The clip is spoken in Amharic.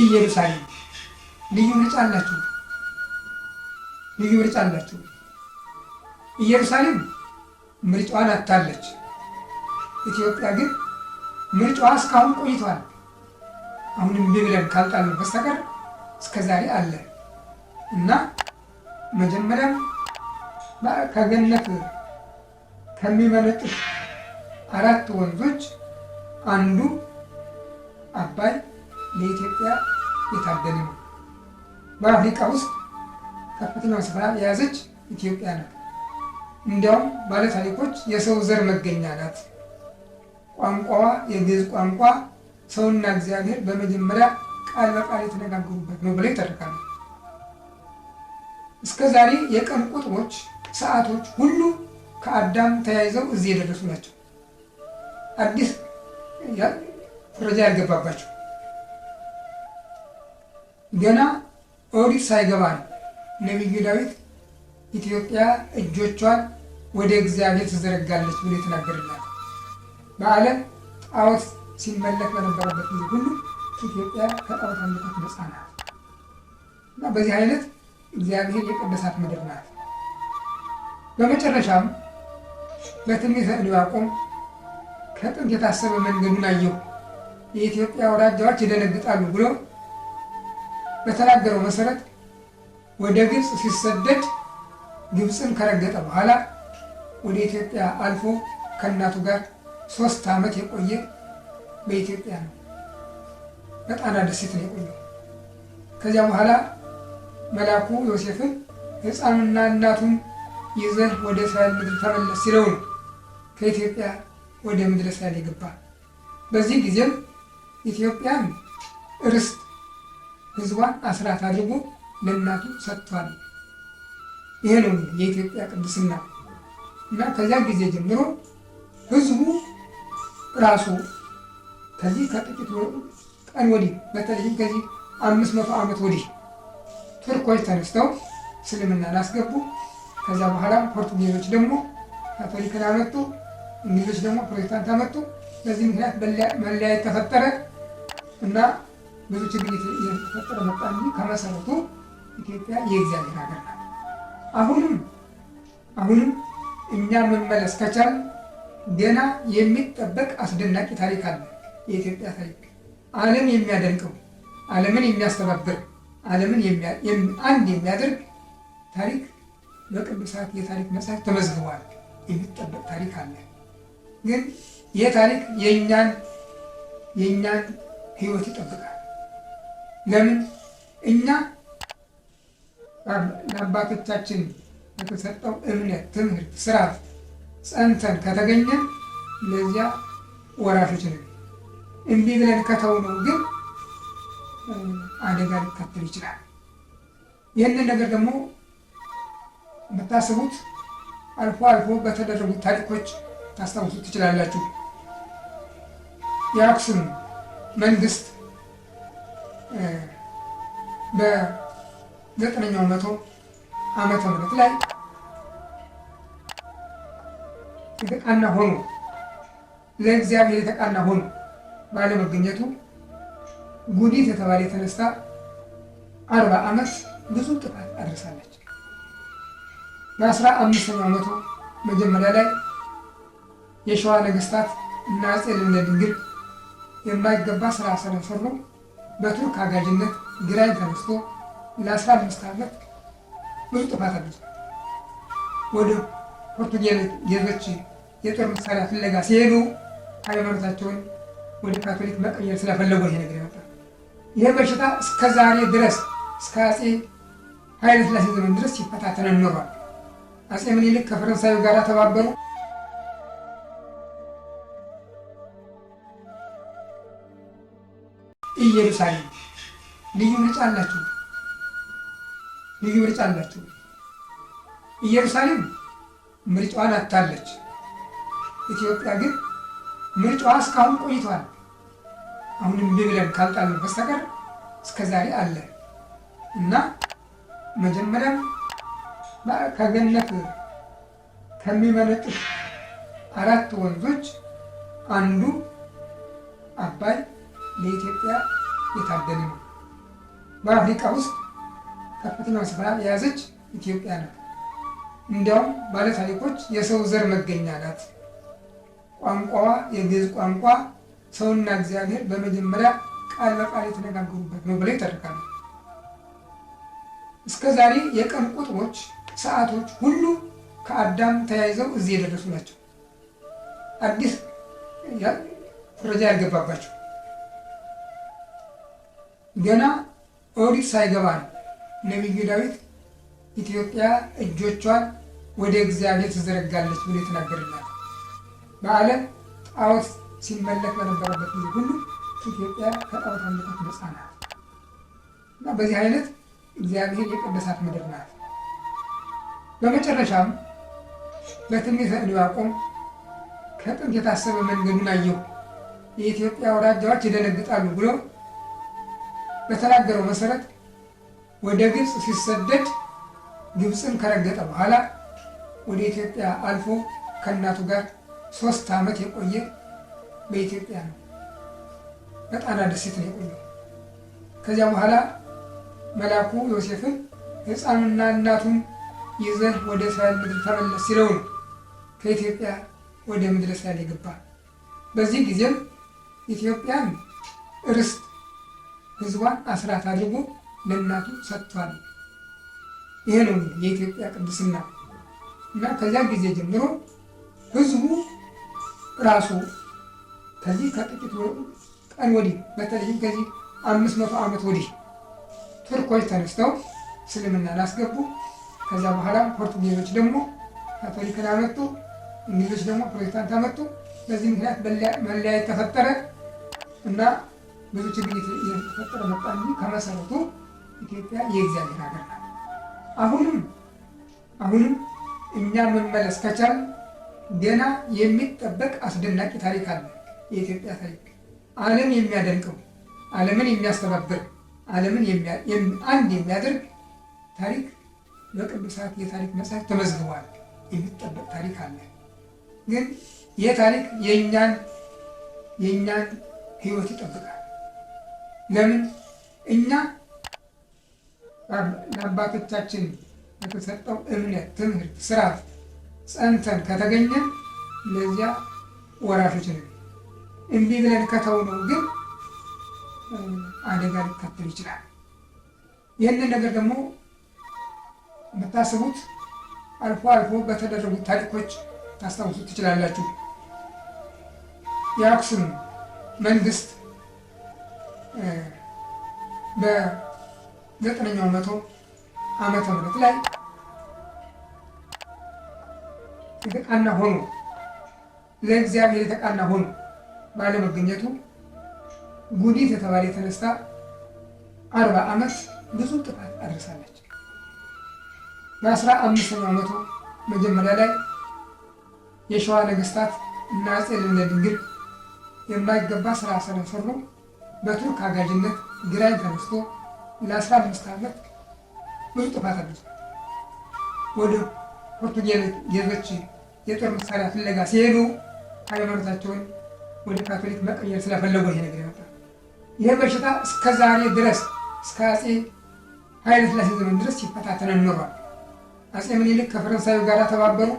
ኢየሩሳሌም ልዩ ምርጫ አላችሁ፣ ልዩ ምርጫ አላችሁ። ኢየሩሳሌም ምርጫዋን አታለች። ኢትዮጵያ ግን ምርጫዋ እስካሁን ቆይቷል። አሁንም እምቢ ብለን ካልጣልን በስተቀር እስከዛሬ አለ እና መጀመሪያም ከገነት ከሚመነጡት አራት ወንዞች አንዱ አባይ ለኢትዮጵያ የታደለ ነው። በአፍሪካ ውስጥ ከፍተኛውን ስፍራ የያዘች ኢትዮጵያ ናት። እንዲያውም ባለታሪኮች የሰው ዘር መገኛ ናት። ቋንቋዋ የግዕዝ ቋንቋ ሰውና እግዚአብሔር በመጀመሪያ ቃል በቃል የተነጋገሩበት ነው ብለው ይተርካሉ። እስከ ዛሬ የቀን ቁጥሮች፣ ሰዓቶች ሁሉ ከአዳም ተያይዘው እዚህ የደረሱ ናቸው። አዲስ ፍረጃ ያልገባባቸው ገና ኦሪት ሳይገባ ነው ነቢዩ ዳዊት ኢትዮጵያ እጆቿን ወደ እግዚአብሔር ትዘረጋለች ብሎ የተናገርላት። በዓለም ጣዖት ሲመለክ በነበረበት ጊዜ ሁሉ ኢትዮጵያ ከጣዖት አምልኮት ነፃ ናት እና በዚህ አይነት እግዚአብሔር የቀደሳት ምድር ናት። በመጨረሻም በትንቢተ ዕንባቆም ከጥንት የታሰበ መንገዱን አየሁ፣ የኢትዮጵያ ወራጃዎች ይደነግጣሉ ብሎ በተናገረው መሰረት ወደ ግብፅ ሲሰደድ ግብፅን ከረገጠ በኋላ ወደ ኢትዮጵያ አልፎ ከእናቱ ጋር ሶስት ዓመት የቆየ በኢትዮጵያ ነው። በጣና ደሴት ነው የቆየው። ከዚያ በኋላ መልአኩ ዮሴፍን ሕፃኑና እናቱን ይዘህ ወደ እስራኤል ምድር ተመለስ ሲለው ነው ከኢትዮጵያ ወደ ምድረ እስራኤል የገባ። በዚህ ጊዜም ኢትዮጵያን ርስት ህዝቧን አስራት አድርጎ ለእናቱ ሰጥቷል። ይሄ ነው የኢትዮጵያ ቅድስና እና ከዚያ ጊዜ ጀምሮ ህዝቡ ራሱ ከዚህ ከጥቂት ቀን ወዲህ በተለይም ከዚህ አምስት መቶ ዓመት ወዲህ ቱርኮች ተነስተው እስልምና ላስገቡ ከዚያ በኋላ ፖርቱጌዞች ደግሞ ካቶሊክን አመጡ። እንግሊዞች ደግሞ ፕሮቴስታንት አመጡ። በዚህ ምክንያት መለያየት ተፈጠረ እና ብዙ ችግር የተፈጠረ መጣ እንጂ ከመሰረቱ ኢትዮጵያ የእግዚአብሔር ሀገር ናት። አሁንም አሁንም እኛ መመለስ ከቻል ገና የሚጠበቅ አስደናቂ ታሪክ አለ። የኢትዮጵያ ታሪክ ዓለም የሚያደንቀው ዓለምን የሚያስተባብር ዓለምን አንድ የሚያደርግ ታሪክ በቅዱሳት የታሪክ መጽሐፍ ተመዝግቧል። የሚጠበቅ ታሪክ አለ። ግን ይህ ታሪክ የእኛን የእኛን ህይወት ይጠብቃል። ለምን እኛ ለአባቶቻችን በተሰጠው እምነት፣ ትምህርት፣ ስርዓት ጸንተን ከተገኘ ለዚያ ወራሾች ነን። እምቢ ብለን ከተውነው ግን አደጋ ሊከተል ይችላል። ይህንን ነገር ደግሞ የምታስቡት አልፎ አልፎ በተደረጉት ታሪኮች ታስታውሱ ትችላላችሁ። የአክሱም መንግስት በዘጠነኛው መቶ ዓመተ ምህረት ላይ የተቃና ሆኖ ለእግዚአብሔር የተቃና ሆኖ ባለመገኘቱ ጉዲት የተባለ የተነሳ አርባ ዓመት ብዙ ጥፋት አድርሳለች። በአስራ አምስተኛው መቶ መጀመሪያ ላይ የሸዋ ነገስታት እና አፄ ልብነ ድንግል የማይገባ ስራ ስለሰሩ በቱርክ አጋዥነት ግራኝ ተነስቶ ለአስራ 15 ዓመት ብዙ ጥፋት አድርሷል። ወደ ፖርቱጌዞች የጦር መሳሪያ ፍለጋ ሲሄዱ ሃይማኖታቸውን ወደ ካቶሊክ መቀየር ስለፈለጉ ይሄ ነገር ነበር። ይህ በሽታ እስከ ዛሬ ድረስ እስከ አጼ ኃይለ ሥላሴ ዘመን ድረስ ሲፈታተን ኖሯል። አፄ ምኒልክ ከፈረንሳዩ ጋር ተባበሩ። ኢየሩሳሌም ልዩ ምርጫ አላችሁ፣ ልዩ ምርጫ አላችሁ። ኢየሩሳሌም ምርጫዋን አታለች። ኢትዮጵያ ግን ምርጫዋ እስካሁን ቆይቷል። አሁንም ብብለን ካልጣለ በስተቀር እስከዛሬ አለ እና መጀመሪያም ከገነት ከሚመነጡት አራት ወንዞች አንዱ አባይ ለኢትዮጵያ የታደለ ነው። በአፍሪካ ውስጥ ከፍተኛ ስፍራ የያዘች ኢትዮጵያ ናት። እንዲያውም ባለታሪኮች የሰው ዘር መገኛ ናት። ቋንቋዋ የግዕዝ ቋንቋ ሰውና እግዚአብሔር በመጀመሪያ ቃል በቃል የተነጋገሩበት ነው ብለው ይተርካሉ። እስከ ዛሬ የቀን ቁጥሮች፣ ሰዓቶች ሁሉ ከአዳም ተያይዘው እዚህ የደረሱ ናቸው። አዲስ ኩረጃ ያልገባባቸው ገና ኦሪት ሳይገባ ነው ነቢዩ ዳዊት ኢትዮጵያ እጆቿን ወደ እግዚአብሔር ትዘረጋለች ብሎ የተናገርላት። በዓለም ጣዖት ሲመለክ በነበረበት ጊዜ ሁሉ ኢትዮጵያ ከጣዖት አምልኮት ነፃ ናት እና በዚህ አይነት እግዚአብሔር የቀደሳት ምድር ናት። በመጨረሻም በትንቢተ ዕንባቆም ከጥንት የታሰበ መንገዱን አየሁ፣ የኢትዮጵያ ወራጃዎች ይደነግጣሉ ብሎ በተናገረው መሰረት ወደ ግብፅ ሲሰደድ ግብፅን ከረገጠ በኋላ ወደ ኢትዮጵያ አልፎ ከእናቱ ጋር ሶስት ዓመት የቆየ በኢትዮጵያ ነው። በጣና ደሴት ነው የቆየው። ከዚያ በኋላ መላኩ ዮሴፍን ሕፃኑና እናቱን ይዘህ ወደ እስራኤል ምድር ተመለስ ሲለው ነው ከኢትዮጵያ ወደ ምድር እስራኤል የገባ። በዚህ ጊዜም ኢትዮጵያን ርስት ህዝቧን አስራት አድርጎ ለእናቱ ሰጥቷል። ይሄ ነው የኢትዮጵያ ቅድስና እና ከዚያ ጊዜ ጀምሮ ህዝቡ ራሱ ከዚህ ከጥቂት ቀን ወዲህ በተለይ ከዚህ አምስት መቶ ዓመት ወዲህ ቱርኮች ተነስተው እስልምና ላስገቡ ከዛ በኋላ ፖርቱጌዞች ደግሞ ካቶሊክን አመጡ። እንግሊዞች ደግሞ ፕሮቴስታንት አመጡ። በዚህ ምክንያት መለያየት ተፈጠረ እና ብዙ ችግር መጣ እንጂ ከመሰረቱ ኢትዮጵያ የእግዚአብሔር ሀገር ናት። አሁንም አሁንም እኛ መመለስ ከቻል ገና የሚጠበቅ አስደናቂ ታሪክ አለ። የኢትዮጵያ ታሪክ ዓለም የሚያደንቀው ዓለምን የሚያስተባብር ዓለምን አንድ የሚያደርግ ታሪክ በቅዱሳት የታሪክ መጽሐፍ ተመዝግቧል። የሚጠበቅ ታሪክ አለ። ግን ይህ ታሪክ የእኛን የእኛን ህይወት ይጠብቃል። ለምን እኛ ለአባቶቻችን የተሰጠው እምነት፣ ትምህርት፣ ስርዓት ጸንተን ከተገኘን ለዚያ ወራሾች ነን። እንዲህ ብለን ከተውነው ግን አደጋ ሊከተል ይችላል። ይህንን ነገር ደግሞ የምታስቡት አልፎ አልፎ በተደረጉት ታሪኮች ታስታውሱ ትችላላችሁ። የአክሱም መንግስት በዘጠነኛው መቶ ዓመተ ምህረት ላይ የተቃና ሆኖ ለእግዚአብሔር የተቃና ሆኖ ባለመገኘቱ ጉዲት የተባለ የተነሳ አርባ ዓመት ብዙ ጥፋት አድርሳለች። በአስራ አምስተኛው መቶ መጀመሪያ ላይ የሸዋ ነገስታት እና አፄ ልብነ ድንግል የማይገባ ስራ ስለሰሩ በቱርክ አጋዥነት ግራኝ ተነስቶ ለአስራ አምስት ዓመት ብዙ ጥፋት አድርሷል። ወደ ፖርቱጌዞች የጦር መሳሪያ ፍለጋ ሲሄዱ ሃይማኖታቸውን ወደ ካቶሊክ መቀየር ስለፈለጉ ይሄ ነገር ይመጣል። ይህ በሽታ እስከ ዛሬ ድረስ እስከ አጼ ኃይለ ሥላሴ ዘመን ድረስ ሲፈታተነን ኖሯል። አጼ ምኒልክ ከፈረንሳዩ ጋር ተባበሩ።